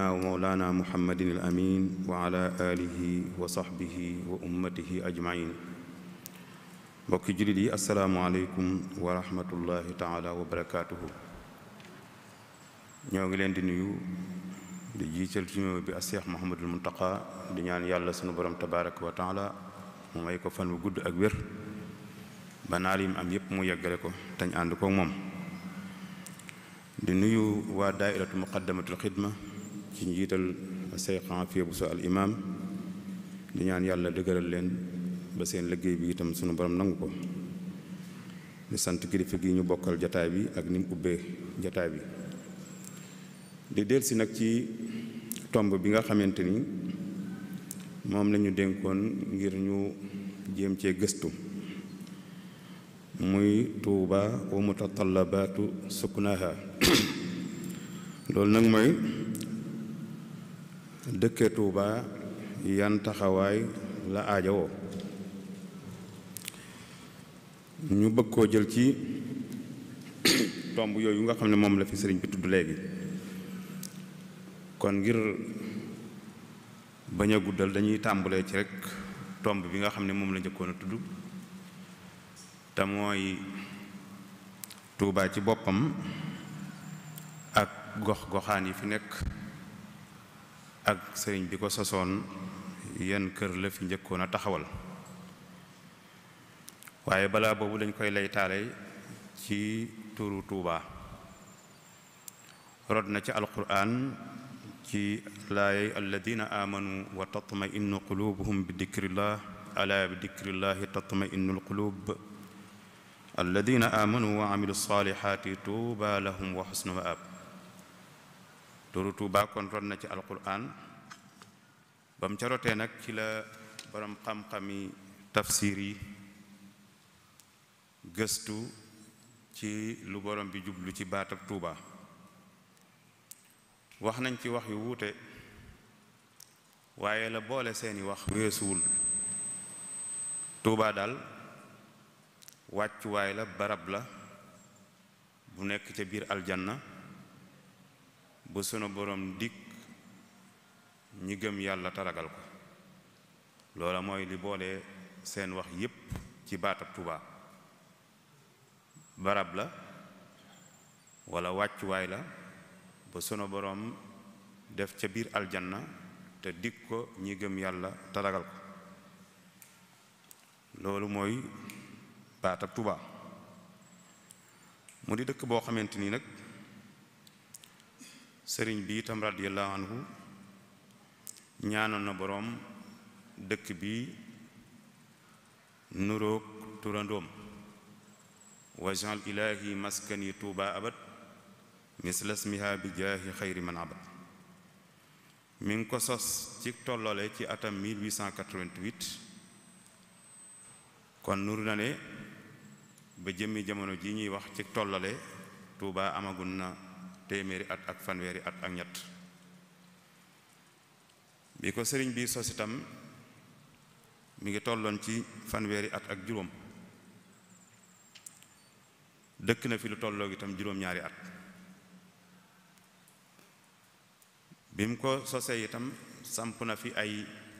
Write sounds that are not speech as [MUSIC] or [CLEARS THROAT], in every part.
sayyidina wa mawlana muhammadin al amin wa ala alihi wa sahbihi wa ummatihi ajmain mbokki jullit yi asalaamualeykum wa rahmatullahi taala wa barakaatuhu ñoo ngi leen di nuyu di jiital ci ñëw bi a seex muhammadul di ñaan yàlla sunu borom tabaraka wa taala mu may ko fan wu gudd ak wér ba naal am yépp mu yeggale ko tañ ànd koog moom di nuyu waa daairatu muqaddamatul xidma ci njiital seyxan fii bu sa al imaam di ñaan yàlla dëgëral leen ba seen liggéey bi itam sunu borom nangu ko di sant kilifa gi ñu bokkal jataay bi ak nim mu ubbee jataay bi di delsi nag ci tomb bi nga xamante ni moom lañu dénkoon ngir ñu jéem cee gëstu muy tuuba wa mutatallabaatu suknaha [COUGHS] loolu nag mooy dëkke Tuuba yan taxawaay la aajowoo ñu bëgg koo jël ci [COUGHS] tomb yooyu nga xam ne moom la fi sëriñ bi tudd léegi kon ngir bañ a guddal dañuy tàmbalee ci rekk tomb bi nga xam ne moom la njëkkoon a tudd te mooy Tuuba ci boppam ak gox goxaan yi fi nekk ak sëriñ bi ko sosoon yan kër la fi njëkkoon a taxawal waaye balaa boobu dañ koy laytaale ci turu Tuuba rod na ci alquran ci laayay alladina amanu wa tatma innu qulubuhum bi dikrillah ala bi dikrillahi tatma innul qulub alladina amanu wa amilu salihati tuuba lahum wa xusnu maab turu Tuuba kon rot na ci alquran ba mu ca rotee nag ci la borom xam-xami tafsir yi gëstu ci lu borom bi jublu ci baatab Tuuba wax nañ ci wax yu wuute waaye la boole seeni wax weesuwul Tuuba daal wàccuwaay la barab la bu nekk ca biir aljanna bu sunu borom dikk ñi gëm yàlla taragal ko loola mooy li boole seen wax yépp ci baatab tubaa barab la wala wàccuwaay la ba sunu boroom def ca biir aljana te dikk ko ñi gëm yàlla taragal ko loolu mooy baatab Tuubaa mu di dëkk boo xamante ni nag sëriñ bi itam radiyallahu anhu na boroom dëkk bi nuroog turandoom wajal ilaahi maskani tuuba abad mislasmiha bi jaahi xayri man abad mi ngi ko sos ci tollole ci atam 1888 kon nur na ne ba jëmmi jamono ji ñuy wax ci tollole tuuba amagun na téeméeri at ak fanweeri at ak ñett bi ko sëriñ bii sos itam mi ngi tolloon ci fanweeri at ak juróom dëkk na fi lu tolloo itam juróom-ñaari at bi mu ko sosee itam samp na fi ay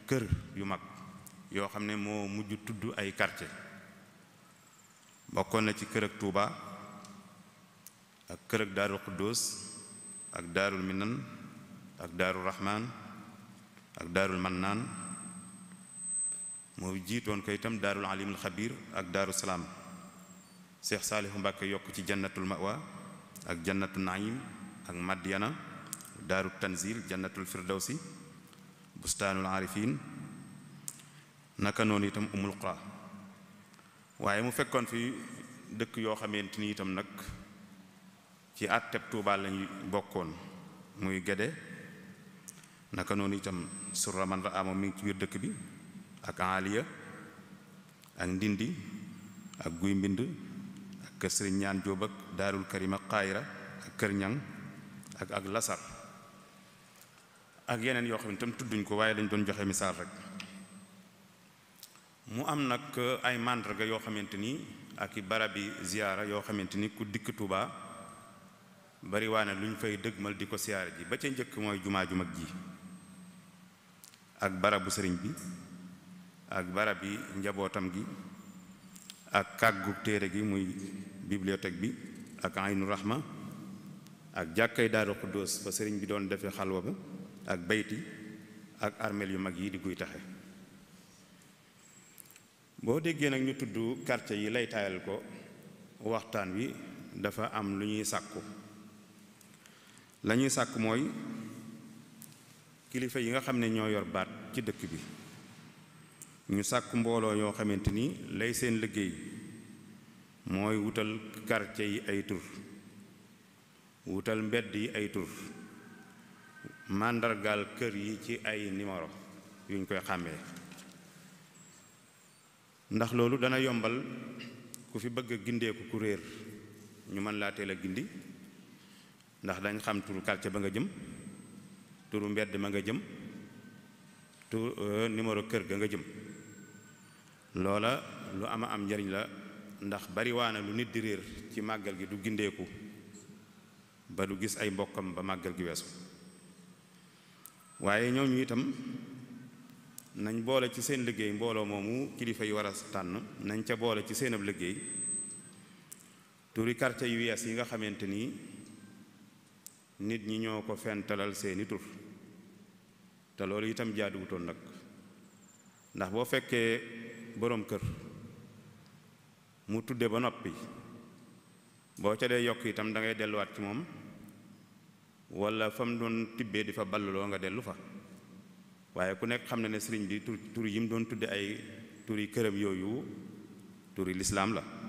kër yu mag yoo xam ne moo mujj tudd ay quartier bokkoon na ci kër ak Touba ak kër ak daarul quddus ak daarul minan ak daarul rahman ak daarul mannaan moo jiitoon ko itam daarul alimul xabir ak daaru salaam seex saalihu mbàkke yokk ci jannatul mawa ak jannatu naim ak madyana daaru tanzil jannatul firdawsi bustaanul arifin naka noonu itam umul qura waaye mu fekkoon fi dëkk yoo xamante ni itam nag ci àtteb Tuubaa lañuy bokkoon muy Gédé naka noonu itam surra man ra amoom mi ci biir dëkk bi ak Aliya ak Ndindi ak Guy Mbind ak kër Sëriñ Ñaan Jóob ak Daarul Karima Xaayira ak kër Ñang ak ak Lasar ak yeneen yoo xam ne itam tudduñ ko waaye dañ doon joxe misaal rek mu am nag ay màndarga yoo xamante ni ak i barabi ziyaara yoo xamante ni ku dikk Tuubaa bari waane lu ñu fay dëgmal di ko siyaare ji ba ca njëkk mooy jumaa ju mag ji ak barabu sëriñ bi ak barab yi njabootam gi ak kàggu téere gi muy bibliothèque bi ak aynu rahma ak jàkkay daaru xuddoos fa sëriñ bi doon defe xalwa bi ak bayti ak armeel yu mag yi di guy taxe boo déggee nag ñu tudd quartier yi lay taayal ko waxtaan wi dafa am lu ñuy sàkku lañuy sàkk mooy kilifa yi nga xam ne ñoo yor baat ci dëkk bi ñu sàkk mbooloo yoo xamante ni lay seen liggéey mooy wutal quartier yi ay tur wutal mbedd yi ay tur màndargal kër yi ci ay numéro yuñ koy xàmmee ndax loolu dana yombal ku fi bëgg a gindeeku ku réer ñu mën laa teel a gindi ndax dañ xam turu quartier ba nga jëm turu mbedd ma nga jëm tur euh, numéro kër ga nga jëm loola lu ama am njariñ la ndax bariwaana lu nit di réer ci màggal gi du gindeeku ba du gis ay mbokkam ba màggal gi weesu waaye ñooñu itam nañ boole ci seen liggéey mbooloo moomu kilifa yi war a tànn nañ ca boole ci seen liggéey turi quartier yu yees yi nga xamante nii nit ñi ñoo ko fentalal seeni tur te loolu itam jaaduwutoon nag ndax boo fekkee boroom kër mu tudde ba noppi boo ca dee yokk itam da ngay delluwaat ci moom wala fa mu doon tibbee di fa balluloo nga dellu fa waaye ku nekk xam na ne sëriñ bi tur tur yi mu doon tudde ay turi këram yooyu turi lislaam la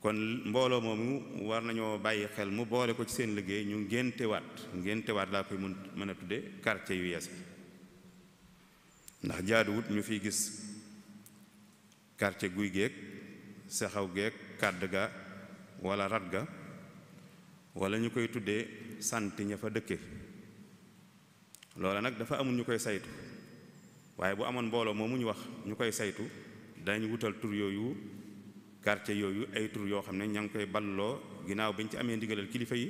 kon mbooloo moomu war nañoo bàyyi xel mu boole ko ci seen liggéey ñu ngéntewaat ngéntewaat laa koy mën mën a tudde karce yu yees ndax jaaduwut ñu fi gis quartier guy géeg saxaw geeg kàdd ga walla rat ga walla ñu koy tuddee sant ña fa dëkke loola nag dafa amul ñu koy saytu waaye bu amoon mbooloo moom mu ñu wax ñu koy saytu dañu wutal tur yooyu quartier yooyu ay tur yoo xam ne ña ngi koy balloo ginnaaw bañ ci amee ndigalal kilifa yi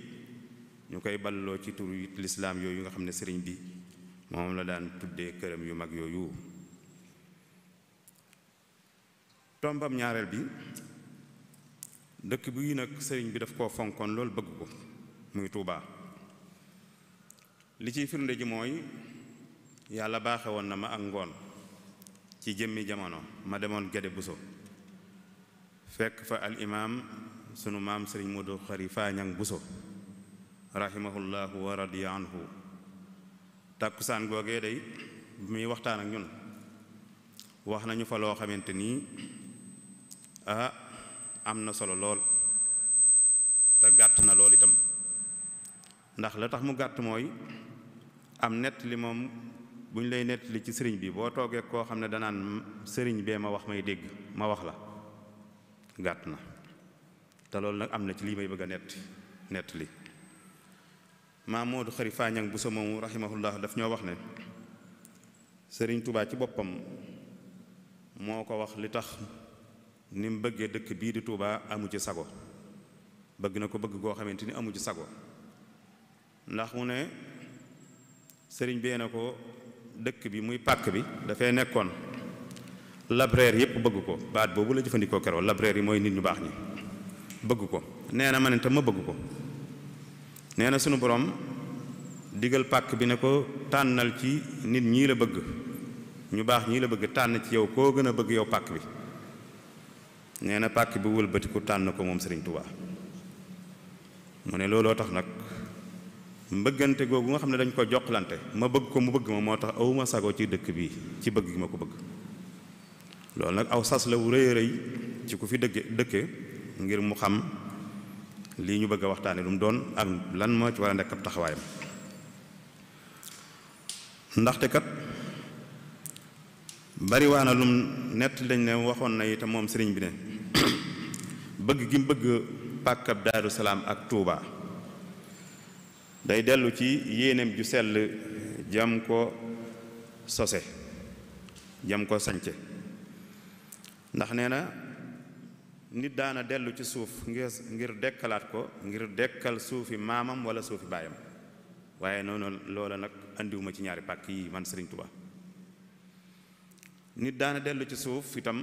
ñu koy balloo ci tur yi lislaam yooyu nga xam ne sëriñ bi moom la daan tuddee këram yu mag yooyu tombam ñaareel bi dëkk bi nag sëriñ bi daf koo fonkoon loolu bëgg ko muy Tuubaa li ciy firnde ji mooy yàlla baaxe woon na ma ak ngoon ci jëmmi jamono ma demoon Gede Buso fekk fa al imaam sunu maam sëriñ Modou Khari Fañang Buso rahimahullahu wa radiya anhu tàkkusaan googee day muy waxtaan ak ñun wax nañu fa loo xamante nii ah am na solo lool te gàtt na lool itam ndax la tax mu gàtt mooy am nett li moom bu ñu lay nett ci sëriñ bi boo toogee koo xam ne danaan sëriñ bee ma wax may dégg ma wax la gàtt na te loolu nag am na ci lii may bëgg a nett nett li maam Moodu Xari Faañang bu sa moomu rahimahullah daf ñoo wax ne sëriñ Tuubaa ci boppam moo ko wax li tax ni mu bëggee dëkk bii di Tuubaa amu ci sago bëgg na ko bëgg goo xamante ni amu ci sago ndax mu ne sëriñ bee na ko dëkk bi muy pàkk bi dafay nekkoon labreer yëpp bëgg ko baat boobu la jëfandikoo keroo labreer yi mooy nit ñu baax ñi bëgg ko nee na ma ne tam ma bëgg ko nee na sunu boroom digal pàkk bi ne ko tànnal ci nit ñii la bëgg ñu baax ñii la bëgg tànn ci yow koo gën a bëgg yow pàkk bi nee na pàkk bi wëlbatiku tànn ko moom Sëriñ Tuubaa mu ne looloo tax nag mbëggante googu nga xam ne dañ ko joxlante ma bëgg ko mu bëgg ma moo tax awuma sagoo ci dëkk bi ci bëgg gi ma ko bëgg loolu nag aw sas la wu rëy rëy ci ku fi dëkk dëkke ngir mu xam lii ñu bëgg a waxtaane lu mu doon ak lan moo ci war a nekk ab taxawaayam ndaxte kat bariwaana lum nett dañ ne waxoon na itam moom sëriñ bi ne [COUGHS] bëgg gi mu bëgg pàkkab daaru ak tuubaa day dellu ci yéeneem ju sell jam ko sose jam ko sañce ndax nee na nit daana dellu ci suuf ngir dekkalaat ko ngir dekkal suufi maamam wala suufi baayam waaye noonu loola nag andiwuma ci ñaari pàkk yi man Sëriñ Tuba nit daana dellu ci suuf itam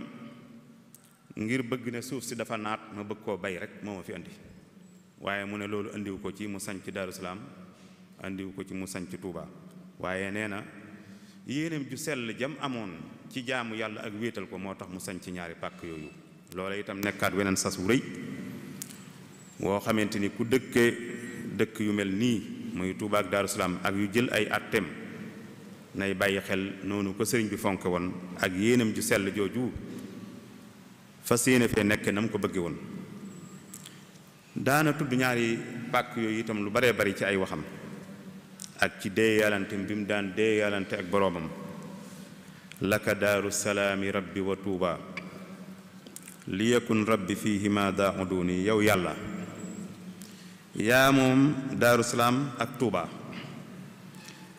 ngir bëgg ne suuf si dafa naat ma bëgg koo bay rek moo fi andi waaye mu ne loolu andiwu ko ci mu sanc Daaru Salaam andiwu ko ci mu sanc Tuuba waaye nee na yéeneem ju sell jam amoon ci jaamu yàlla ak wéetal ko moo tax mu sañ ci ñaari pàkk yooyu loola itam nekkaat weneen sas wu rëy woo xamante ni ku dëkke dëkk yu mel nii muy Tuuba ak Daaru ak yu jël ay atteem nay bàyyi xel noonu ko sëriñ bi fonke woon ak yéenam ju sell jooju fas yéene fee nekk na mu ko bëgge woon daana tudd ñaari pàkk yooyu itam lu baree bari ci ay waxam ak ci deeyalante bi mu daan deeyalante ak boroomam laka daaru salaami rabbi wa tuuba li yakun rabbi fihima daa uduni yow yàlla yaa moom daaru salaam ak tuuba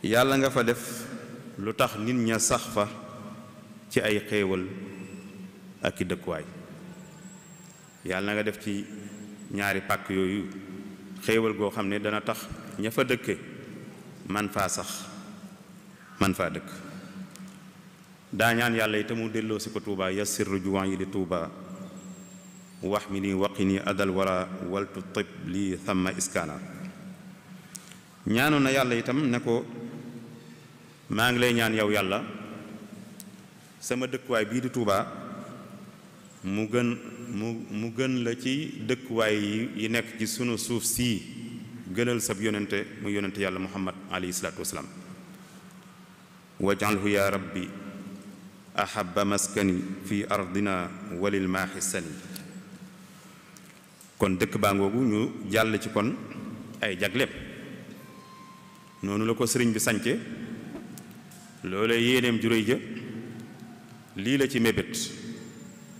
yàlla nga fa def lu tax nit ña sax fa ci ay xéewal ak i dëkkuwaay yàlla nga def ci ñaari pàkk yooyu xéewal goo xam ne dana tax ña fa dëkke man faa sax man faa dëkk daa ñaan yàlla itam mu delloo si ko tuubaa yassir rujuwaan yi di tuubaa wax mi ni waqi ni adal wara waltu tib lii thamma iskaana ñaanoon na yàlla itam ne ko maa ngi lay ñaan yow yàlla sama dëkkuwaay bii di tuubaa mu gën mu mu gën la ci dëkkuwaay yi nekk ci sunu suuf sii gënal sab yonente mu yonente yàlla muhammad alayhi salaatu wasalaam wajalhu ya rabbi ahaba maskani fi ardina walil maaxi sani kon dëkk baangoogu ñu jàll ci kon ay jagleem noonu la ko sëriñ bi sànce loola yéeneem juróy ja lii la ci mébét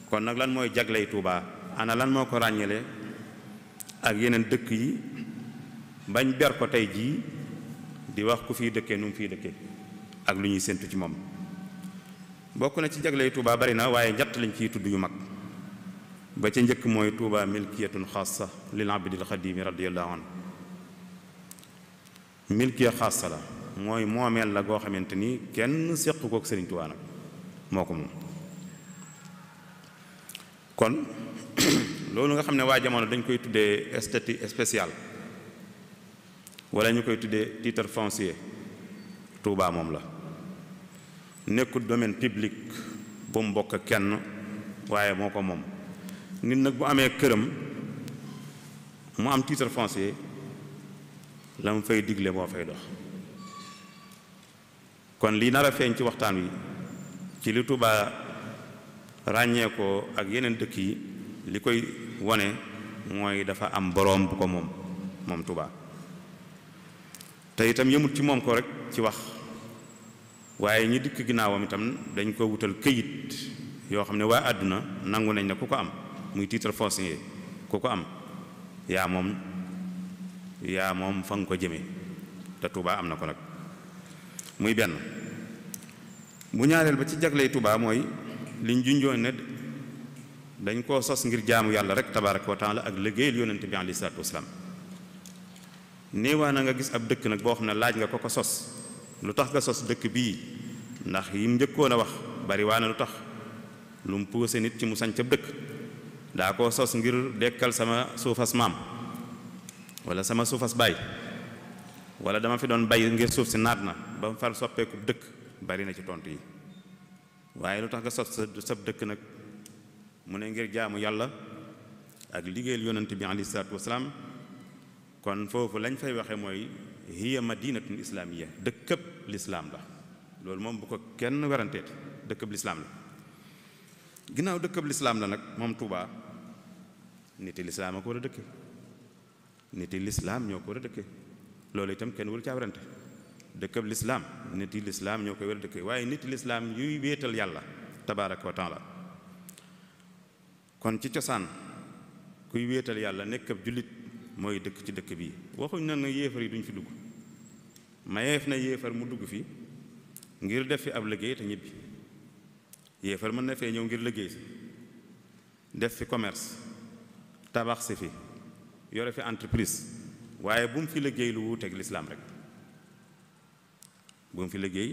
kon nag lan mooy jagley Tuubaa ana lan moo ko ràññele ak yeneen dëkk yi bañ ber ko tey jii di wax ku fiy dëkkee nu mu fiy dëkkee ak lu ñuy séentu ci moom bokk na ci jagley Touba bari na waaye ñett lañ ciy tudd yu mag ba ca njëkk mooy Touba milkiyatun xaasa lil di xadimi radiyallahu anhu milkiya xaasa la mooy moomeel la goo xamante ni kenn séq kook Sëriñ Touba nag moo ko moom kon [CLEARS THROAT] loolu nga xam ne waa jamono dañ koy tuddee statut spécial wala ñu koy tuddee titre foncier tuubaa moom la nekkul domaine public bu mu bokk kenn waaye moo ko moom nit nag bu amee këram mu am titre foncier la mu fay digle moo fay dox kon li nar a feeñ ci waxtaan wi ci li Tuubaa ràññee ko ak yeneen dëkk yi li koy wone mooy dafa am boroom bu ko moom moom Tuubaa te itam yëmut ci moom ko rek ci wax waaye ñi dikk ginnaawam itam dañ ko wutal këyit yoo xam ne waa àdduna nangu nañ ne ku ko am muy titre foncier ku ko am yaa moom yaa moom fa nga ko jëme te Touba am na ko nag muy benn mu ñaareel ba ci jagley Touba mooy liñ junjoon ne dañ koo sos ngir jaamu yàlla rek tabaraka wa taala ak liggéeyal yonent bi alayhi salaatu wasalaam néewaa na nga gis ab dëkk nag boo xam ne laaj nga ko ko sos lu tax nga sos dëkk bii ndax yim njëkkoon a wax bari na lu tax lu mu puuse nit ci mu sañca dëkk daa koo sos ngir dekkal sama suufas maam wala sama suufas baay wala dama fi doon bay ngir suuf si naat na ba mu far soppeeku dëkk bari na ci tontu yi waaye lu tax nga sos sab dëkk nag mu ne ngir jaamu yàlla ak liggéeyal yonent bi alayhi salaatu wasalaam kon foofu lañ fay waxe mooy hiya madinatun islaamiya dëkkëb lislaam la loolu moom bu ko kenn weranteet dëkkëb lislaam la ginnaaw dëkkëb lislaam la nag moom Tuubaa nit lislaam a a dëkke lislaam ñoo war a dëkke loolu itam kenn waru caa werante dëkkëb lislaam ñoo ko war a dëkke waaye niti lislaam yuy wéetal yàlla tabaaraka wa kon ci cosaan kuy wéetal yàlla nekk ab jullit mooy dëkk ci dëkk bii waxuñ na na yéefar yi duñ fi dugg mayeef na yéefar mu dugg fi ngir def fi ab liggéey te ñibbi yéefar mën na fee ñëw ngir liggéey si def fi commerce tabax si fi yore fi entreprise waaye bu mu fi liggéey lu wuuteeg lislaam rek bu mu fi liggéey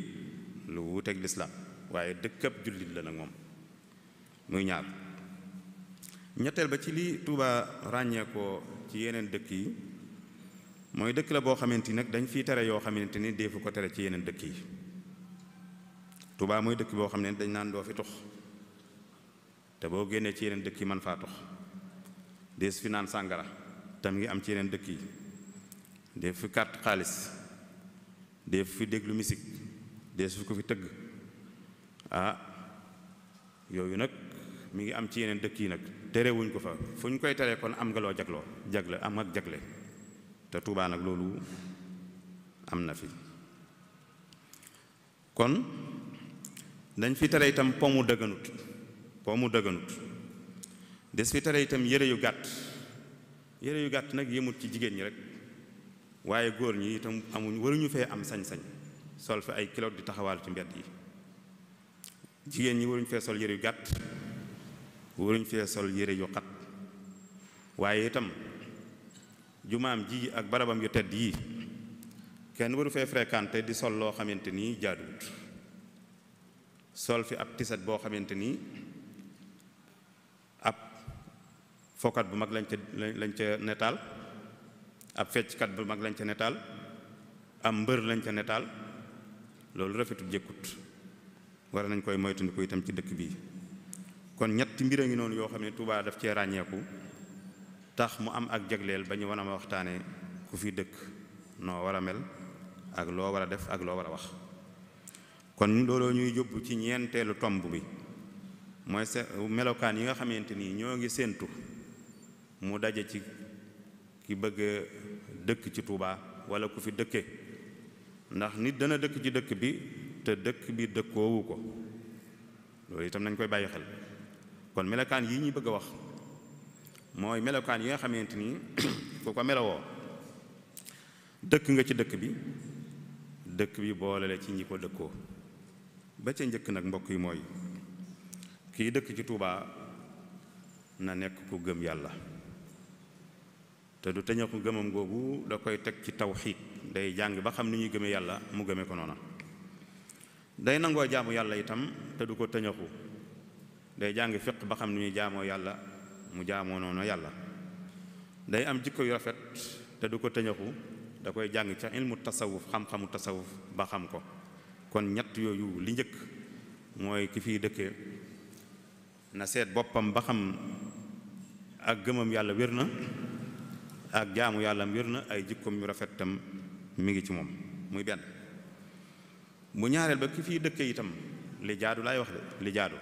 lu wuuteeg lislaam waaye dëkkab jullit la nag moom muy ñaar ñetteel ba ci li Tuuba ràññeekoo ci yeneen dëkk yi mooy dëkk la boo xamante ni nag dañ fiy tere yoo xamante ni deefu ko tere ci yeneen dëkk yi Touba mooy dëkk boo xam ne dañ naan doo fi tux te boo génnee ci yeneen dëkk yi man faa tux dees fi naan sàngara tam ngi am ci yeneen dëkk yi deef fi carte xaalis deef fi déglu misik dees fi ko fi tëgg ah yooyu nag mu ngi am ci yeneen dëkk yi nag terewuñ ko fa fu ñu koy teree kon am nga jagloo jagle am ak jagle te Tuubaa nag loolu am na fi kon dañ fi tere itam pomu dëgganut pomu dëgganut des fi tere itam yére yu gàtt yére yu gàtt nag yëmut ci jigéen ñi rek waaye góor ñi itam amuñ waruñu fee am sañ-sañ sol fi ay kilo di taxawaal ci mbedd yi jigéen ñi waruñu fee sol yére yu gàtt waruñu fee sol yére yu xat waaye itam jumaam ji ak barabam yu tedd yi kenn waru fee fréquenté di sol loo xamante ni jaaduwut sol fi ab tiset boo xamante ni ab fokat bu mag lañ ca lañ ca netaal ab fecckat bu mag lañ ca netaal am mbër lañ ca netaal loolu rafetul jëkkut war nañ koy moytandiku itam ci dëkk bi kon ñetti mbir a ngi noonu yoo xam ne Tuubaa daf cee ràññeeku tax mu am ak jagleel ba ñu war a waxtaanee ku fi dëkk noo war a mel ak loo war a def ak loo war a wax kon looloo ñuy yóbbu ci ñeenteelu tomb bi mooy se melokaan yi nga xamante ni ñoo ngi séentu mu daje ci ki bëgg dëkk ci Tuuba walla ku fi dëkke ndax nit dana dëkk ci dëkk bi te dëkk bi dëkkoowu ko loolu itam nañ koy bàyyi xel kon melokaan yi ñuy bëgg a wax mooy melokaan yi nga xamante ni ku [COUGHS] ko melowoo dëkk nga ci dëkk bi dëkk bi boolale ci ñi ko dëkkoo ba ca njëkk nag mbokk yi mooy kii dëkk ci Tuubaa na nekk ku gëm yàlla te du tëña gëmam googu da koy teg ci tawxiid day jàng ba xam ni ñuy gëme yàlla mu gëme ko noona day nangoo jaamu yàlla itam te du ko tëñaxu day jàng fiq ba xam ni ñuy jaamoo yàlla mu jaamoo noonu yàlla day am jikko yu rafet te du ko tëñëxu da koy jàng ca ilmu tasawuf xam-xamu tasawuf ba xam ko kon ñett yooyu li njëkk mooy ki fiy dëkkee na seet boppam ba xam ak gëmam yàlla wér na ak jaamu yàllam wér na ay jikkoom yu rafet tam mi ngi ci moom muy benn bu ñaareel ba ki fiy dëkkee itam li jaadu lay wax de li jaadu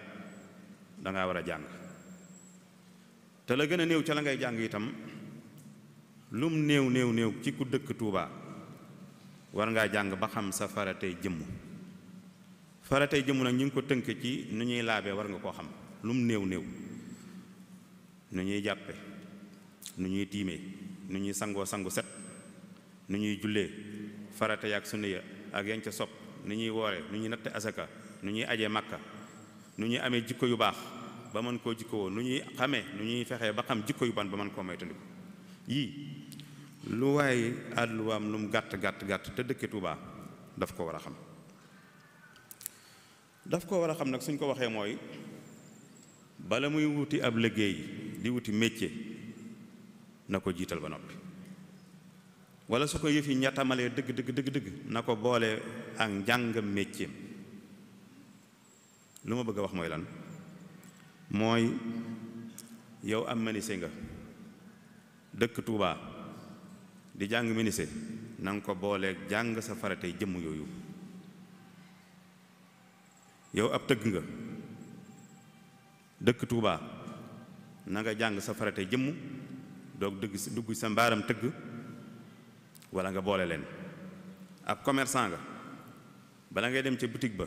dangaa war a jàng te gën a néew ca la ngay jàng itam lum néew néew néew ci ku dëkk Touba war ngaa jàng ba xam sa faratay jëmm faratay jëmm nag ñu ngi ko tënk ci nu ñuy laabee war nga koo xam lum néew néew nu ñuy jàppe nu ñuy tiimee nu ñuy sangoo sangu set nu ñuy jullee farata yaak sunna ya ak yan ca sopp nu ñuy woore nu ñuy natte asaka nu ñuy ajee màkka nu ñuy amee jikko yu baax ba mën koo jikkoo nu ñuy xamee nu ñuy fexe ba xam jikko yu ban ba man koo moytandiku yii lu waaye àlluwaam lu mu gàtt gàtt gàtt te dëkke Tuubaa daf ko war a xam daf ko war a xam nag suñ ko waxee mooy bala muy wuti ab liggéey di wuti métier na ko jiital ba noppi wala su ko yëf yi ñattamalee dëgg dëgg dëgg na ko boole ak njàngam métier lu ma bëgg a wax mooy lan mooy yow am menuisier nga dëkk Touba di jàng menuisier na nga ko booleek jàng sa faratey jëmm yooyu yow ab tëgg nga dëkk Touba na nga jàng sa faratey jëmm doog dugg dugg sa mbaaram tëgg wala nga boole leen ab commerçant nga bala ngay dem ca boutique ba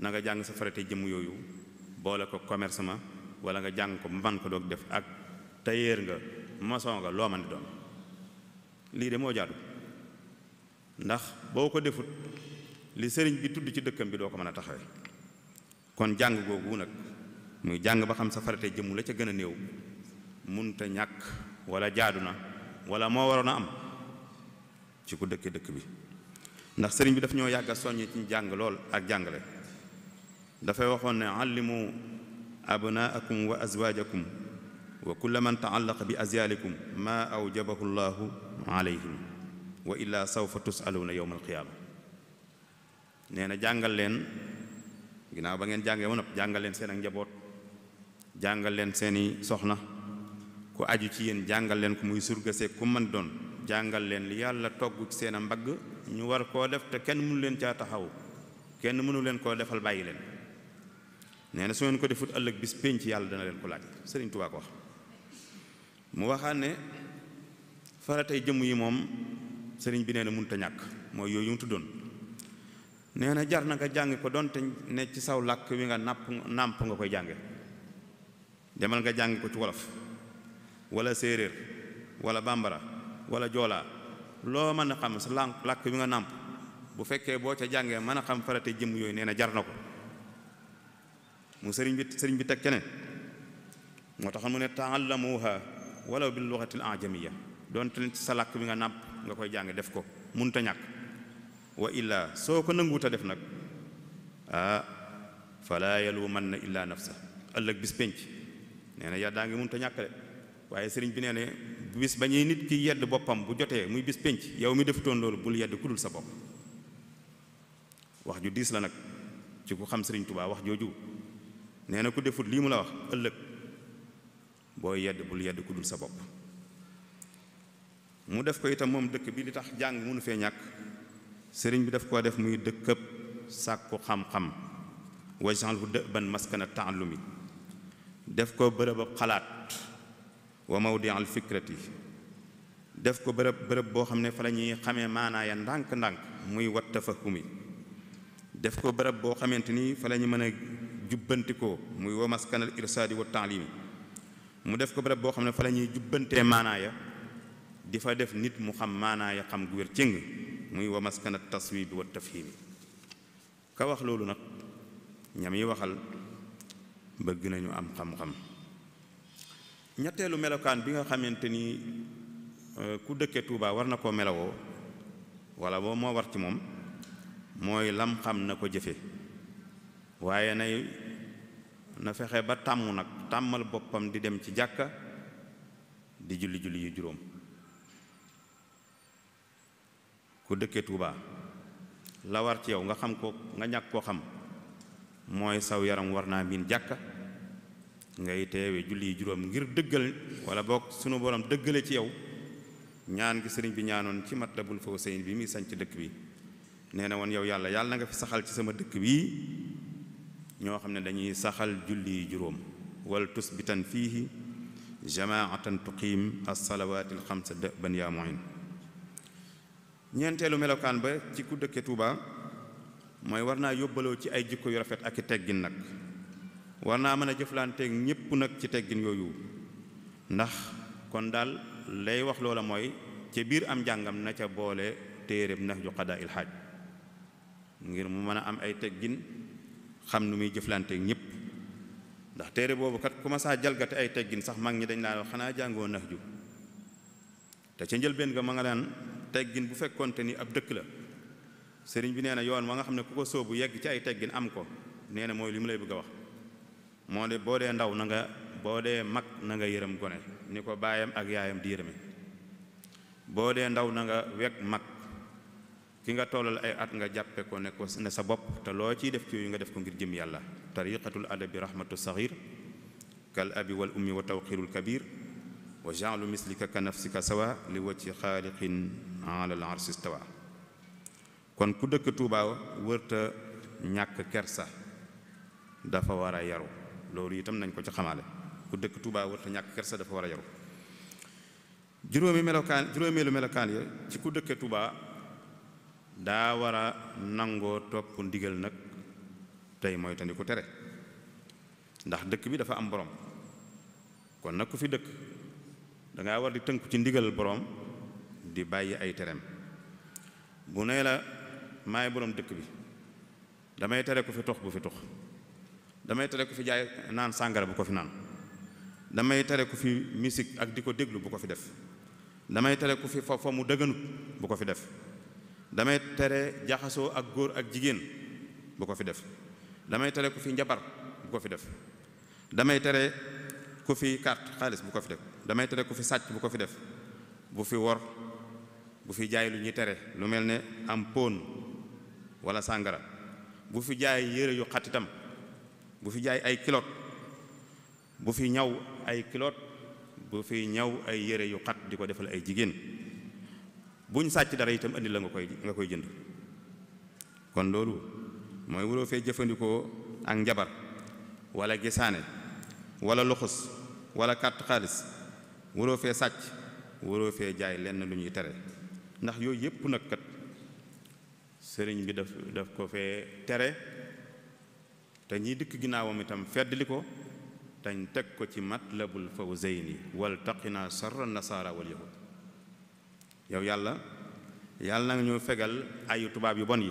na nga jàng sa faratey jëmm yooyu boole ko commerce ma wala nga jàng ko man ko doog def ak tailleur nga maçon nga loo man di doon lii de moo jaadu ndax boo ko defut li sëriñ bi tudd ci dëkkam bi doo ko mën a taxawe kon jàng googu nag muy jàng ba xam sa farate jëmu la ca gën a néew munta ñàkk walla jaadu na wala moo waroon a am ci ku dëkke dëkk bi ndax sëriñ bi daf ñoo yàgg a soññee ci jàng lool ak jàngale dafay waxoon ne àllimu abnaakum wa azwaajakum wa kulla man taallaqa bi azyaalikum ma awjabahu llahu alayhim wa illaa sawfa tusaluuna yowma alqiyaama nee jàngal leen ginnaaw ba ngeen jàngee ba nopp jàngal leen seen ak njaboot jàngal leen seeni soxna ku aju ci yéen jàngal leen ku muy surgasee ku man doon jàngal leen li yàlla togg ci seen a mbagg ñu war koo def te kenn mënu leen caa taxaw kenn mënu leen koo defal bàyyi leen nee na su ngeen ko defut ëllëg bis pénc yàlla dana leen ko laaj sëriñ Tuubaa ko wax mu waxaat ne faratay jëmm yi moom sëriñ bi nee na mënut ñàkk mooy yooyu mu tuddoon nee na jar na nga jàng ko donte ne ci saw làkk wi nga nàpp nàmp nga koy jànge demal nga jàng ko ci wolof wala séeréer wala bambara wala joolaa loo mën a xam si sa làkk wi nga nàmp bu fekkee boo ca jàngee mën a xam faratay jëmm yooyu nee na jar na ko mu sëriñ bi sëriñ bi teg keneen moo tax mu ne taallamuha walaw bil lughati al ajamiyya donte ne ci sa làkk bi nga nàpp nga koy jàng def ko munta ñàkk wa illaa soo ko nanguwuta def nag ah man na illaa nafsa ëllëg bis pénc nee na yàddaa ngi munta ñàkk de waaye sëriñ bi nee ne bis ba ñuy nit ki yedd boppam bu jotee muy bis pénc yow mi defutoon loolu bul yedd ku dul sa bopp wax ju diis la nag ci ku xam sëriñ Tuubaa wax jooju nee na ku defut lii mu la wax ëllëg boo yedd bul yedd ku sa bopp mu def ko itam moom dëkk bi li tax jàng mënu fee ñàkk sëriñ bi daf koo def muy dëkkëb sàkku xam-xam wajanhu dëban maskana taallumi def ko bërëb xalaat wa mawdi al fikrati def ko bërëb bërëb boo xam ne fa la ñuy xamee maanaaya ndànk-ndànk muy wat tafahumi def ko bërëb boo xamante ni fa la mën a jubbantikoo muy wa maskanal irsaadi wa taalimi mu def ko barab boo xam ne fa lañuy ñuy jubbantee maanaaya di fa def nit mu xam maanaaya xam gu wér cëng muy wa maskanal taswibi wa tafhimi ka wax loolu nag ñam yi waxal bëgg nañu am xam-xam ñetteelu melokaan bi nga xamante ni euh, ku dëkke Tuubaa war na koo melowoo wala boo moo war ci moom mooy lam xam na ko jëfe waaye nay na fexe ba tàmm nag tàmmal boppam di dem ci jàkka di julli julli yu juróom ku dëkkee Tuuba la war ci yow nga xam ko nga ñàkk koo xam mooy saw yaram war naa miin jàkka ngay teewe julli yu juróom ngir dëggal wala boog sunu borom dëggale ci yow ñaan gi sëriñ bi ñaanoon ci Matlabul Fawzayni bi muy sañ ci dëkk bi nee na woon yow yàlla yàlla nga fi saxal ci sama dëkk bii ñoo xam ne dañuy saxal julli juróom wal tusbitan fiihi jamaatan tuqiim alsalawaati alxamsa dëban yaa muin ñeenteelu melokaan ba ci ku dëkke Tuuba mooy war naa yóbbaloo ci ay jikko yu rafet ak i teggin nag war naa mën a jëflanteeg ñépp nag ci teggin yooyu ndax kon daal lay wax loola mooy ca biir am njàngam na ca boole téeréb nax ju xadaa il xaaj ngir mu mën a am ay teggin xam nu muy jëflanteek ñëpp ndax téere boobu kat ku ma saa jalgate ay teggin sax mag ñi dañ laa xanaa jàngoo nax ju te ca njëlbeen nga ma nga naan teggin bu fekkonte ni ab dëkk la sëriñ bi nee na yoon wa nga xam ne ku ko bu yegg ci ay teggin am ko nee mooy li mu lay bëgg a wax moo de boo dee ndaw na nga boo dee mag na nga yërëm gone ni ko baayam ak yaayam di yërëme boo dee ndaw na nga mag ki nga tollal ay at nga jàppe ko ne ko ne sa bopp te loo ciy def ci yooyu nga def ko ngir jëm yàlla tariqatul adabi rahmatu ka kal abi wal ummi wa tawqirul kabir wa jaalu mislika ka nafsika sawa li wacci xaaliqin alal arsi stawa kon ku dëkk Tuubaa wërta ñàkk kersa dafa war a yaru loolu itam nañ ko ci xamaale ku dëkk Tuubaa wërta ñàkk dafa war a yaru juróomi melokaan melokaan ya ci ku dëkke Tuubaa daa war a nangoo topp ndigal nag tey mooy tandi ku tere ndax dëkk bi dafa am borom kon nag ku fi dëkk dangaa war di tënku ci ndigal boroom di bàyyi ay tereem bu nee la maay borom dëkk bi damay tere ku fi tox bu fi tox damay tere ku fi jaay naan sàngara bu ko fi naan damay tere ku fi misik ak di ko déglu bu ko fi def damay tere ku fi fo mu dëgganut bu ko fi def damay tere jaxasoo ak góor ak jigéen bu ko fi def damay tere ku fi njabar bu ko fi def damay tere ku fi kat xaalis bu ko fi def damay tere ku fi sàcc bu ko fi def bu fi wor bu fi jaay lu ñuy tere lu mel ne am pon wala sàngara bu fi jaay yére yu xat itam bu fi jaay ay kilot bu fi ñaw ay kilot bu fi ñaw ay yére yu xat di ko defal ay jigéen buñ sàcc dara itam indi la nga koy nga koy jënd kon loolu mooy waroo fee jëfandikoo ak njabar walla gisaane walla luxus wala kàtt xaalis waroo fee sàcc waroo fee jaay lenn lu ñuy tere ndax yooyu yépp nag kat sëriñ bi daf daf ko fee tere te ñiy dikk ginnaawam itam feddli ko dañ teg ko ci mat matlabul fawzayni wal taqina sarra nasaara wal yahud yow yàlla yàlla na nga ñu fegal ayu tubaab yu bon yi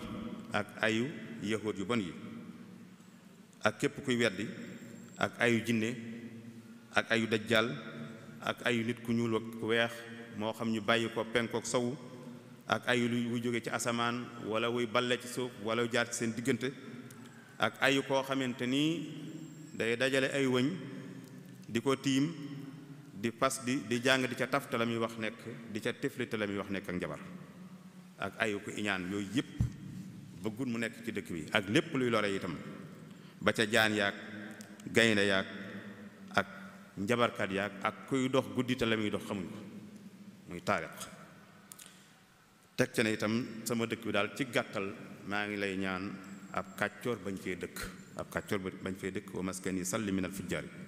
ak ayu yahud yu bon yi ak képp kuy weddi ak ayu jinne ak ayu dajjal ak ayu nit ku ñuul ak weex moo xam ñu bàyyi ko penkook sowu ak ayu wuy jóge ci asamaan wala wuy balle ci suuf wala jaar ci seen diggante ak ayu koo xamante nii day dajale ay wëñ di ko tiim di fas di di jàng di ca tafta la muy wax nekk di ca tiflita la muy wax nekk ak njabar ak ayu ko iñaan yooyu yëpp bëggul mu nekk ci dëkk bi ak lépp luy lore itam ba ca jaan yaag gaynde yaag ak njabarkat yaag ak kuy dox guddi te la muy dox xamuñ ko muy taariq teg ca ne itam sama dëkk bi daal ci gàttal maa ngi lay ñaan ab kàccoor bañ fee dëkk ab kàccoor bañ fee dëkk wa maskani salli min al fujjaari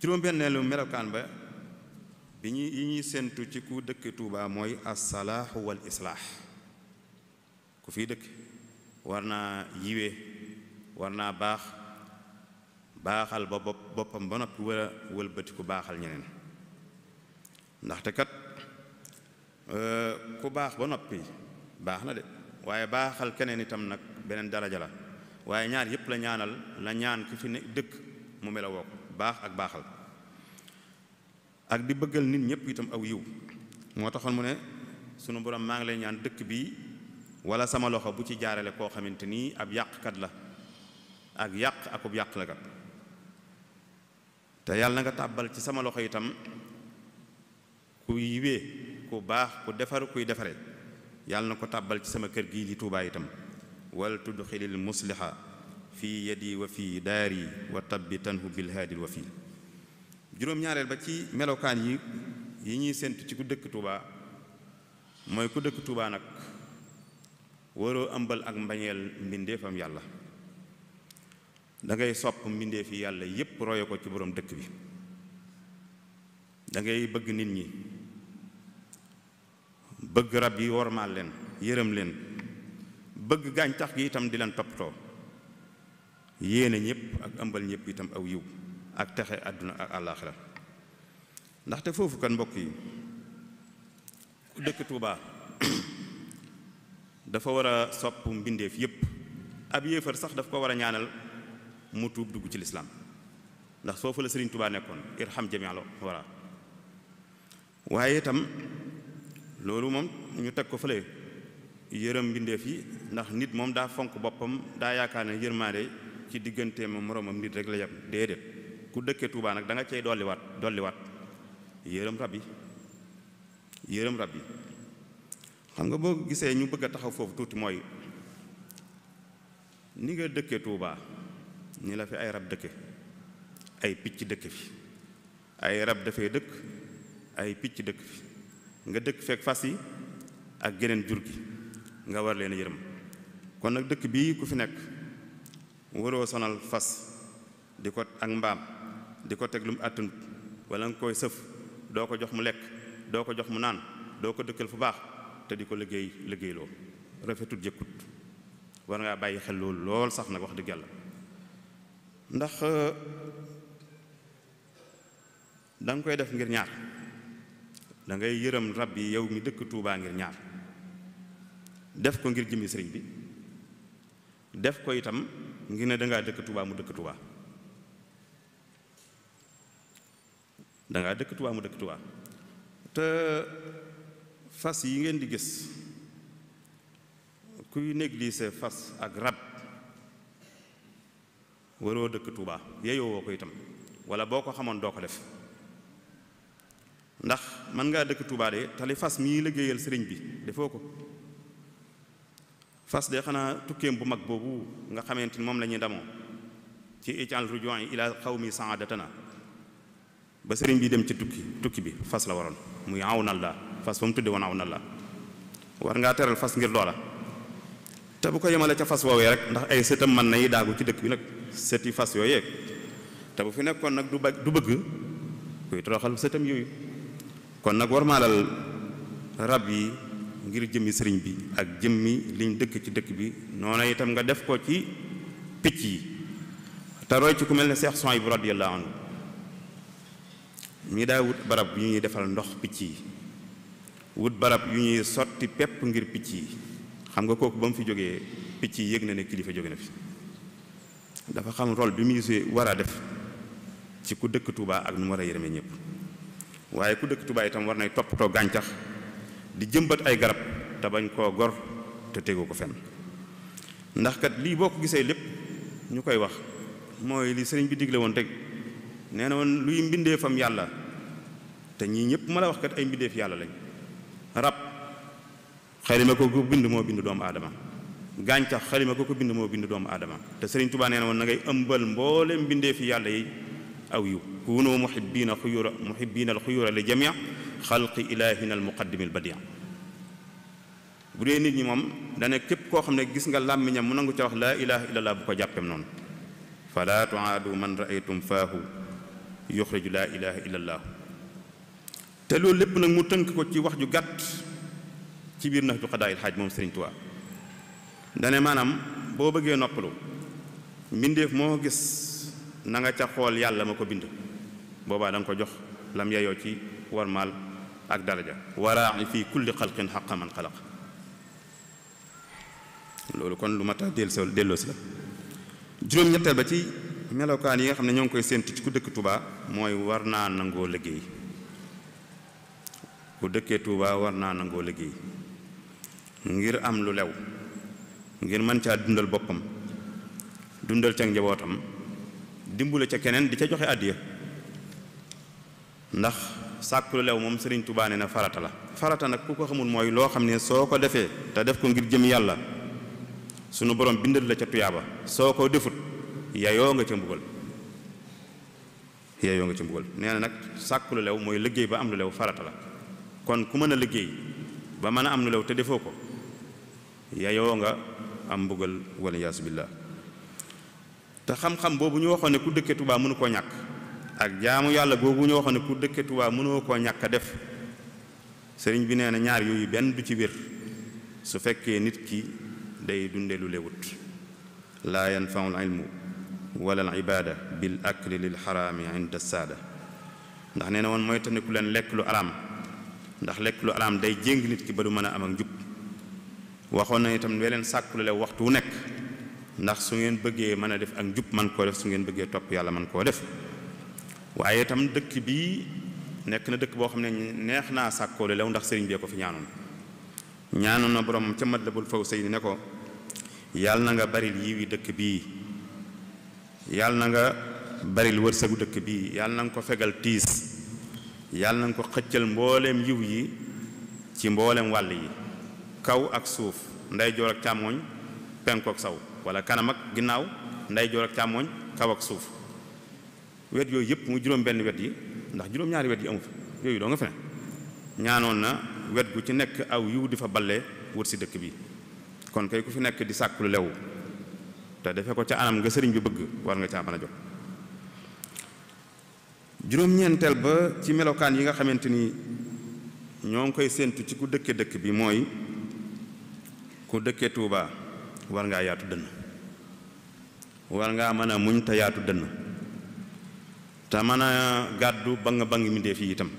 juróom-benneelu melokaan ba bi ñu yi ñuy séentu ci ku dëkk Tuuba mooy assalaaxu wal islaax ku fi dëkk war naa yiwee war naa baax baaxal ba boppam ba noppi wala wëlbati ku baaxal ñeneen ndaxte kat euh, ku baax ba noppi baax na de waaye baaxal keneen itam nag beneen daraja la waaye ñaar yëpp la ñaanal la ñaan ki fi dëkk mu melawoo ko baax ak baaxal ak di bëggal nit ñëpp itam aw yiw moo taxoon mu ne sunu borom maa ngi lay ñaan dëkk bi wala sama loxo bu ci jaarale koo xamante nii ab yàqkat la ak yàq akub yàq la kat te yàlla na nga tàbbal ci sama loxo itam ku yiwee ku baax ku defar kuy defare yàlla na ko tàbbal ci sama kër gii di Tuubaa itam wal tudxilil musliha fii yadi wa fii daari wa tabbi tanhu bilhaadil wa fii juróom-ñaareel ba ci melokaan yi yi ñuy séntu ci ku dëkk Tuubaa mooy ku dëkk Tuubaa nag waroo ëmbal ak mbañeel mbindeefam yàlla dangay ngay sopp mbindeefi yàlla yépp roye ko ci boroom dëkk bi dangay bëgg nit ñi bëgg rab yi wormaal leen yërëm leen bëgg gàncax gi itam di leen toppatoo yéene ñëpp ak ëmbal ñëpp itam aw yiw ak texe àdduna ak àllaaxira ndaxte foofu kan mbokk yi ku dëkk Tuubaa [CLEARS THROAT] dafa war a sopp mbindeef yépp ab yéefar sax daf ko war a ñaanal mu tuub dugg ci lislaam ndax foofu la sëriñ Tuubaa nekkoon irham jamial wara waaye itam loolu moom ñu teg ko fële yërëm mbindeef yi ndax nit moom daa fonk boppam daa yaakaar ne yërmaande ci digganteem moroomam nit rek la yem déedéet ku dëkkee Tuubaa nag danga nga cay dolliwaat dolliwaat yërëm rab yi yërëm xam nga boo gisee ñu bëgg a taxaw foofu tuuti mooy ni nga dëkkee Tuubaa ñu la fi ay rab dëkke ay picc dëkk fi ay rab dafay dëkk ay picc dëkk fi nga dëkk fekk fas yi ak geneen jur gi nga war leen a yërëm kon nag dëkk bii ku fi nekk waroo sonal fas di ko ak mbaam di ko teg lu mu àttanut wala nga koy sëf doo ko jox mu lekk doo ko jox mu naan doo ko dëkkal fu baax te di ko liggéey liggéeyloo rafetul jëkkut war ngaa bàyyi xel loolu lool sax nag wax dëgg yàlla ndax euh, da koy def ngir ñaar da ngay yërëm rab yi yow mi dëkk Tuubaa ngir ñaar def ko ngir jimmi sëriñ bi def ko itam mu ngi ne dangaa dëkk Touba mu dëkk Touba dangaa mu dëkk Touba te fas yi ngeen di gis kuy négliger fas ak rab waroo dëkk Touba yeyoo woo ko itam wala boo ko xamoon doo ko def ndax man ngaa dëkk Touba de tali fas mii liggéeyal sëriñ bi defoo ko fas de xanaa tukkeem bu mag boobu nga xamante ni moom la ñuy damoo ci ical rujuwan ila xawmi saadatana ba sëriñ bi dem ci tukki tukki bi fas la waroon muy awnallah fas ba mu tudde woon awnallah war ngaa teral fas ngir loola te bu ko yemale ca fas woowee rek ndax ay sëtam mën nay daagu ci dëkk bi nag sëti fas yooyee te bu fi nekkoon nag du ba du bëgg kuy toroxal sëtam yooyu kon nag war maalal rab yi ngir jëmmi sëriñ bi ak jëmmi liñ dëkk ci dëkk bi noona itam nga def ko ci picc yi te roy ci ku mel ne Seex Suhaybu radiyallahu anhu ñi daa wut barab yu ñuy defal ndox picc yi wut barab yu ñuy sotti pepp ngir picc yi xam nga kooku ba mu fi jógee picc yi yëg na ne kilifa jóge na fi dafa xam rol bi muy war a def ci ku dëkk Touba ak nu mu war a yërëmee ñëpp waaye ku dëkk Touba itam war nay toppatoo gàncax di jëmbat ay garab te bañ koo gor te tegu ko fen ndax kat lii boo ko gisee lépp ñu koy wax mooy li sëriñ bi digle woon teg nee na woon luy fam yàlla te ñii ñëpp ma la wax kat ay mbindeef yàlla lañ rab xalima ko ko bind moo bind doomu aadama gàncax xalima ko ko bind moo bind doomu aadama te sëriñ Tuubaa nee na woon na ngay ëmbal mboole mbindeefi yàlla yi aw yiw kunu muhibbina xuyura muhibbina alxuyura li jamia xalqi ilahina almuqaddimi albadia bu dee nit ñi moom dane képp koo xam ne gis nga làmmiñam mu nangu ca wax laa ilaha illallah bu ko jàppem noonu fala tuaadu man raaytum faahu yuxriju laa ilaha illallah te loolu lépp nag mu tënk ko ci wax ju gàtt ci biir nax ju xadaayil xaaj moom Sëriñ Tuubaa dane maanaam boo bëggee noppalu mbindeef moo gis na nga ca xool yàlla ma ko bind boobaa da ko jox lam yayoo ci warmaal ak daraja waraaxi fii kulli xalqin xaqa man xalaq loolu kon lu ma tax delloo delloo si la juróom-ñetteel ba ci melokaan yi nga xam ne ñoo ngi koy séentu ci ku dëkk Touba mooy war naa nangoo liggéey ku dëkkee Touba war naa nangoo liggéey ngir am lu lew ngir mën caa dundal boppam dundal ca njabootam dimbule ca keneen di ca joxe àddiya ndax sàkku lu lew moom sëriñ tubaane na farata la farata nag ku ko xamul mooy loo xam ne soo ko defee te def ko ngir jëm yàlla sunu borom bindal la ca tuyaaba soo ko defut yayoo nga ca mbugal yayoo nga ca mbugal nee na nag sàkku lu lew mooy liggéey ba am lu lew farata la kon ku mën a liggéey ba mën a am lu lew te defoo ko yayoo nga am mbugal wala yaasu te xam-xam boobu ñu waxoon ne ku dëkke Tuubaa mënu koo ñàkk ak jaamu yàlla googu ñu waxoon ne ku dëkke Tuubaa mënoo koo ñàkk def sëriñ bi nee na ñaar yooyu benn du ci wér su fekkee nit ki day dunde lu lewut laa yanfaul ilmu wala al ibaada bil akli lil xaraami inda ndax nee na woon mooy tane ku leen lekk lu araam ndax lekk lu araam day jéng nit ki ba du mën a am ak njub waxoon na itam weleen sàkku la waxtu wu nekk ndax su ngeen bëggee mën a def ak njub man koo def su ngeen bëggee topp yàlla man koo def waaye itam dëkk bi nekk na dëkk boo xam ne neex naa sàkkoo lew ndax sëriñ bee ko fi ñaanoon ñaanoon na borom ca Matlabul Fawzayni ne ko yàlla na nga baril yiwi dëkk bii yàlla na nga baril wërsëgu dëkk bii yàlla na nga ko fegal tiis yàlla na nga ko xëccal mbooleem yiw yi ci mbooleem wàll yi kaw ak suuf ndeyjoor ak càmmooñ penku saw wala kanam ak ginnaaw ndeyjoor ak càmmooñ kaw ak suuf wet yooyu yëpp mu juróom-benn wet yi ndax juróom-ñaari wet yi amu yooyu doo nga fi ne ñaanoon na wet gu ci nekk aw yiw di fa bale wër si dëkk bi kon kay ku fi nekk di sàkku lew te defe ko ca anam nga sëriñ bi bëgg war nga caa mën a jot juróom-ñeenteel ba ci melokaan yi nga xamante ni ñoo ngi koy séentu ci ku dëkke dëkk bi mooy ku dëkke Tuubaa war ngaa yaatu dënn war ngaa mën a muñ te yaatu dënn te mën a gàddu ba nga bangi mi fii itam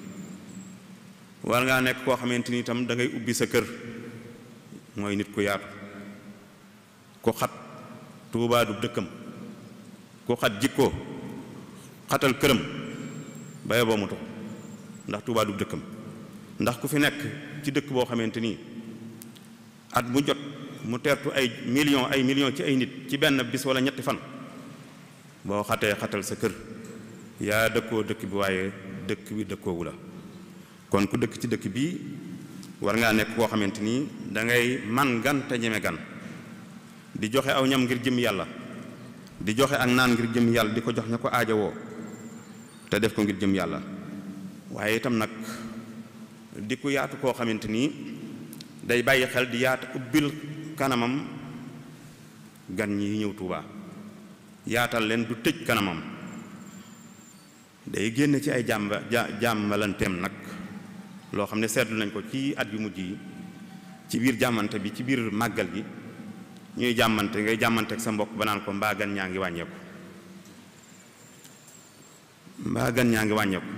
war ngaa nekk koo xamante ni itam dangay ngay ubbi sa kër mooy nit ku yaatu ku xat tuubaa du dëkkam ku xat jikkoo xatal këram baye boo mu to ndax tuubaa du dëkkam ndax ku fi nekk ci dëkk boo xamante nii at mu jot mu teertu ay millions ay million ci ay nit ci benn bis wala ñetti fan boo xatee xatal sa kër yaa dëkkoo dëkk bi waaye dëkk bi dëkkoowu la kon ku dëkk ci dëkk bii war ngaa nekk koo xamante ni dangay man gan te ñeme gan di joxe aw ñam ngir jëm yàlla di joxe ak naan ngir jëm yàlla di ko jox ña ko aajowoo te def ko ngir jëm yàlla waaye itam nag di ku yaatu koo xamante ni day bàyyi xel di yaat ubbil kanamam gan ñi ñëw Tuuba yaatal leen du tëj kanamam day génn ci ay jàmba jàmbalanteem nag loo xam ne seetlu nañ ko ci at yu mujj yi ci biir jàmmante bi ci biir màggal gi ñuy jàmmante ngay jàmmanteek sa mbokk ba naan ko mbaa gan ñaa ngi wàññeeku mbaa gan ñaa ngi wàññeeku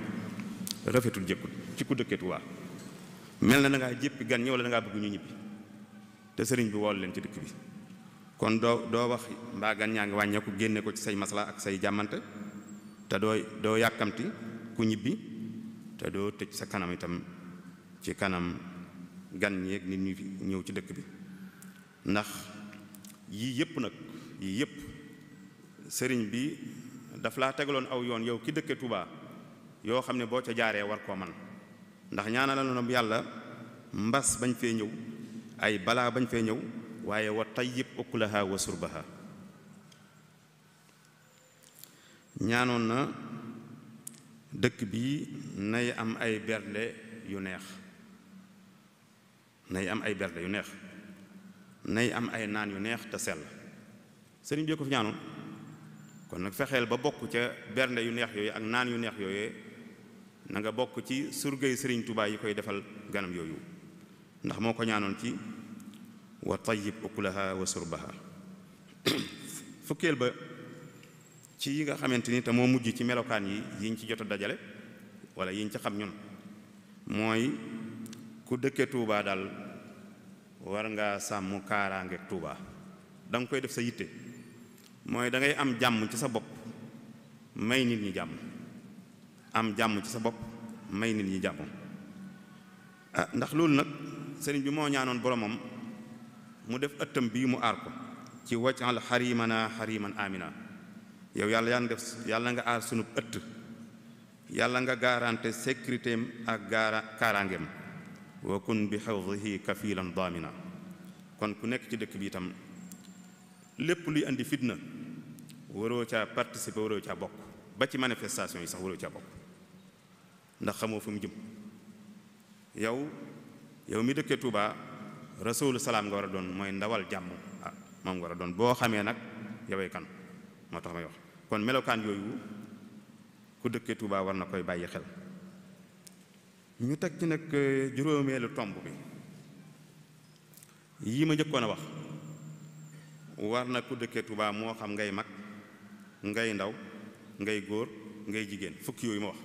rafetul jëkkut ci ku dëkkee Tuuba mel na da ngaa jéppi gan ñi wala da ngaa ñu ñibbi te sëriñ bi wool leen ci dëkk bi kon doo doo wax mbaa gan ñaa ngi wàññeeku génne ko ci say masla ak say jàmmante te dooy doo yàkkamti ku ñibbi te doo tëj sa kanam itam ci kanam gan ñeeg nit ñu ñëw ci dëkk bi ndax yii yëpp nag yii yëpp sëriñ bi daf laa tegaloon aw yoon yow ki dëkke tubaa yoo xam ne boo ca jaaree war koo man ndax ñaanal na yàlla mbas bañ fee ñëw ay balaa bañ fee ñëw waaye wa tayyib ukulaha wa surbaha ñaanoon na dëkk bi nay am ay bernde yu neex nay am ay bernde yu neex nay am ay naan yu neex te sell sëriñ bi ko fi ñaanoon kon nag fexeel ba bokk ca bernde yu neex yooyu ak naan yu neex yooye nanga bokk ci surgay sëriñ tubaay yi koy defal ganam yooyu ndax moo ko ñaanoon ci wa tayyib ukulaha wa surbaha [CLEARS THROAT] fukkeel ba ci yi nga xamante ni te moo mujj ci melokaan yi yiñ ci jot a dajale wala yiñ ci xam ñun mooy ku dëkke tuubaa daal war nga sàmm kaaraangeek tuubaa danga koy def sa yitte mooy dangay am jàmm ci sa bopp may nit ñi jàmm am jàmm ci sa bopp may nit ñi jàmm ah ndax loolu nag sëriñ bi moo ñaanoon boromam mu def ëttam bii mu aar ko ci wajal xarimana xariman amina yow yàlla yaa def yàlla nga aar sunub ëtt yàlla nga garante sécurité am ak gaara kaaraangeem wa kun bi xawdihi kafilan damina kon ku nekk ci dëkk bi itam lépp luy andi fitna waroo caa participer waroo caa bokk ba ci manifestation yi sax waroo caa bokk ndax xamoo fu mu jëm yow yow mi dëkkee Tuubaa rasulu salaam nga war a doon mooy ndawal jàmm ah moom nga war a doon boo xamee nag yowee kan moo tax may wax kon melokaan yooyu ku dëkke Touba war na koy bàyyi xel ñu teg ci nag eh, juróomeelu tomb bi yii ma jëkkoon a wax war na ku dëkkee Touba moo xam ngay mag ngay ndaw ngay góor ngay jigéen fukki yooyu ma wax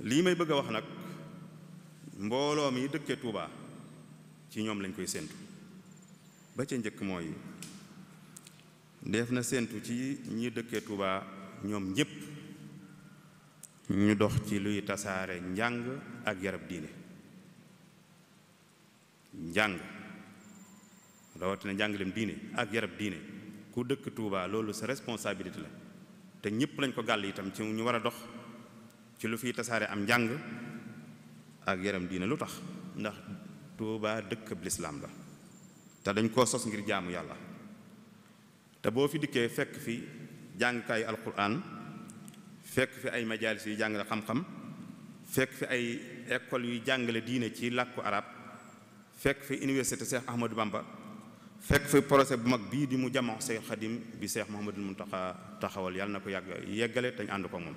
lii may bëgg a wax nag mbooloo mii dëkke Touba ci ñoom lañ koy séentu ba ca njëkk mooy def na séentu ci ñi dëkkee Touba ñoom ñépp ñu dox ci luy tasaare njàng ak yarab diine njàng rawatina njàngaleem diine ak yarab diine ku dëkk Touba loolu sa responsabilité la te ñépp lañ ko gàll itam ci ñu war a dox ci lu fiy tasaare am njàng ak yaram diine lu tax ndax Tuubaa dëkkab lislaam la te dañ koo sos ngir jaamu yàlla te boo fi dikkee fekk fi jàngkaayu alquran fekk fi ay majalis yu jàngale xam-xam fekk fi ay école yuy jàngale diine ci làkku arab fekk fi université Cheikh Ahmadou Bamba fekk fi projet bu mag bii di mu jamoo Cheikh Khadim bi Cheikh Mouhamadoul Mountakha taxawal yàlla na ko yàgg yeggale te ñu ànd ko moom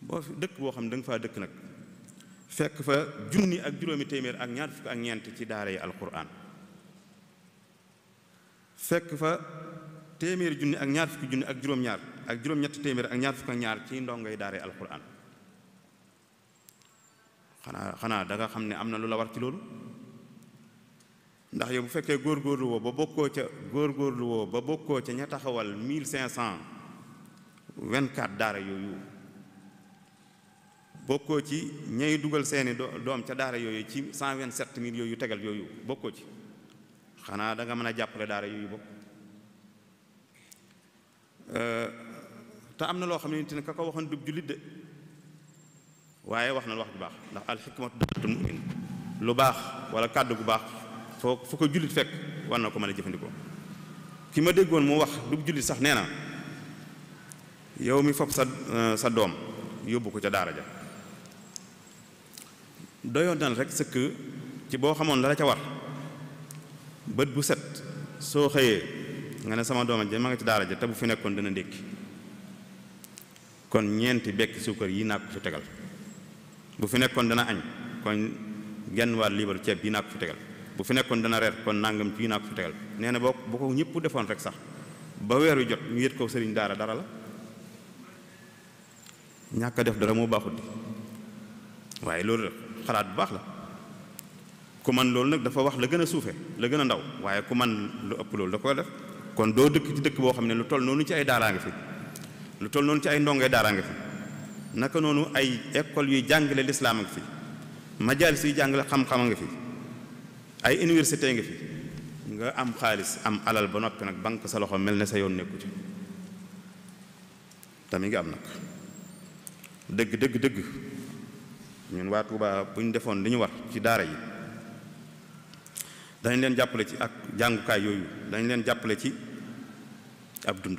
boo fi dëkk boo xam ne da nga faa dëkk nag fekk fa junni ak juróomi téeméer ak ñaar fukk ak ñeent ci daara yi alquran fekk fa téeméeri junni ak ñaar fukki junni ak juróom-ñaar ak juróom-ñetti téeméer ak ñaar fukk ak ñaar ci ndongoy daara yi alquran xanaa xanaa danga xam ne am na lu la war ci loolu ndax yow bu fekkee góor woo ba bokkoo ca góor woo ba bokkoo ca ña taxawal 1524 daara yooyu bokkoo ci ñay dugal seeni doom ca daara yooyu ci cent 127000 yooyu tegal yooyu bokkoo ci xanaa danga nga mën a jàppale daara yooyu bokk te am na loo xam ni te ne ka ko waxoon dub jullit de waaye wax na wax ju baax ndax alxikmatu daatul mumin lu baax wala kàddu gu baax foo fu ko jullit fekk war na ko mën a jëfandikoo ki ma déggoon mu wax dub jullit sax nee na yow mi fopp sa sa doom yóbbu ko ca daara ja doyoon na rek sëkk ci boo xamoon la ca war bët bu set soo xëyee nga ne sama dooma ja ma nga ci daara ja te bu fi nekkoon dana ndékki kon ñeenti bekk suukar yi naa ko fi tegal bu fi nekkoon dana añ kon genn waat liibaru ceeb yi naa ko fi tegal bu fi nekkoon dana reer kon nangam ci yi naa ko fi tegal nee na boo bu ko ñëpp defoon rek sax ba weer wi jot ñu yët ko sëriñ daara dara la ñàkk def dara moo baaxut di waaye loolu rek xalaat bu baax la ku man loolu nag dafa wax la gën a suufe la gën a ndaw waaye ku man lu ëpp loolu da ko def kon doo dëkk ci dëkk boo xam ne lu toll noonu ci ay daaraa ngi fi lu toll noonu ci ay ndongoy daaraa ngi naka noonu ay école yuy jàngale lislaam a ngi fi majalis yuy jàngale xam-xam a ngi fi ay université ngi fi nga am xaalis am alal ba noppi nag banque sa loxo mel ne sa yoon nekku ci tamit ngi am nag dëgg dëgg dëgg ñun waa tuuba bu ñu defoon li ñu war ci daara yi dañ leen jàppale ci ak jàngukaay yooyu dañ leen jàppale ci ab dund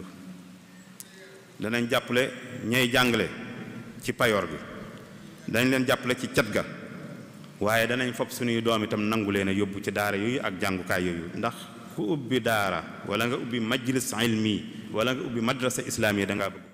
danañ jàppale ñay jàngale ci payoor bi dañ leen jàppale ci cat ga waaye danañ fopp suñuy doom itam nangu leen yóbbu ci daara yooyu ak jàngukaay yooyu ndax ku ubbi daara wala nga ubbi majlis ilmi wala nga ubbi madrasa islaamiya dangaa bëgg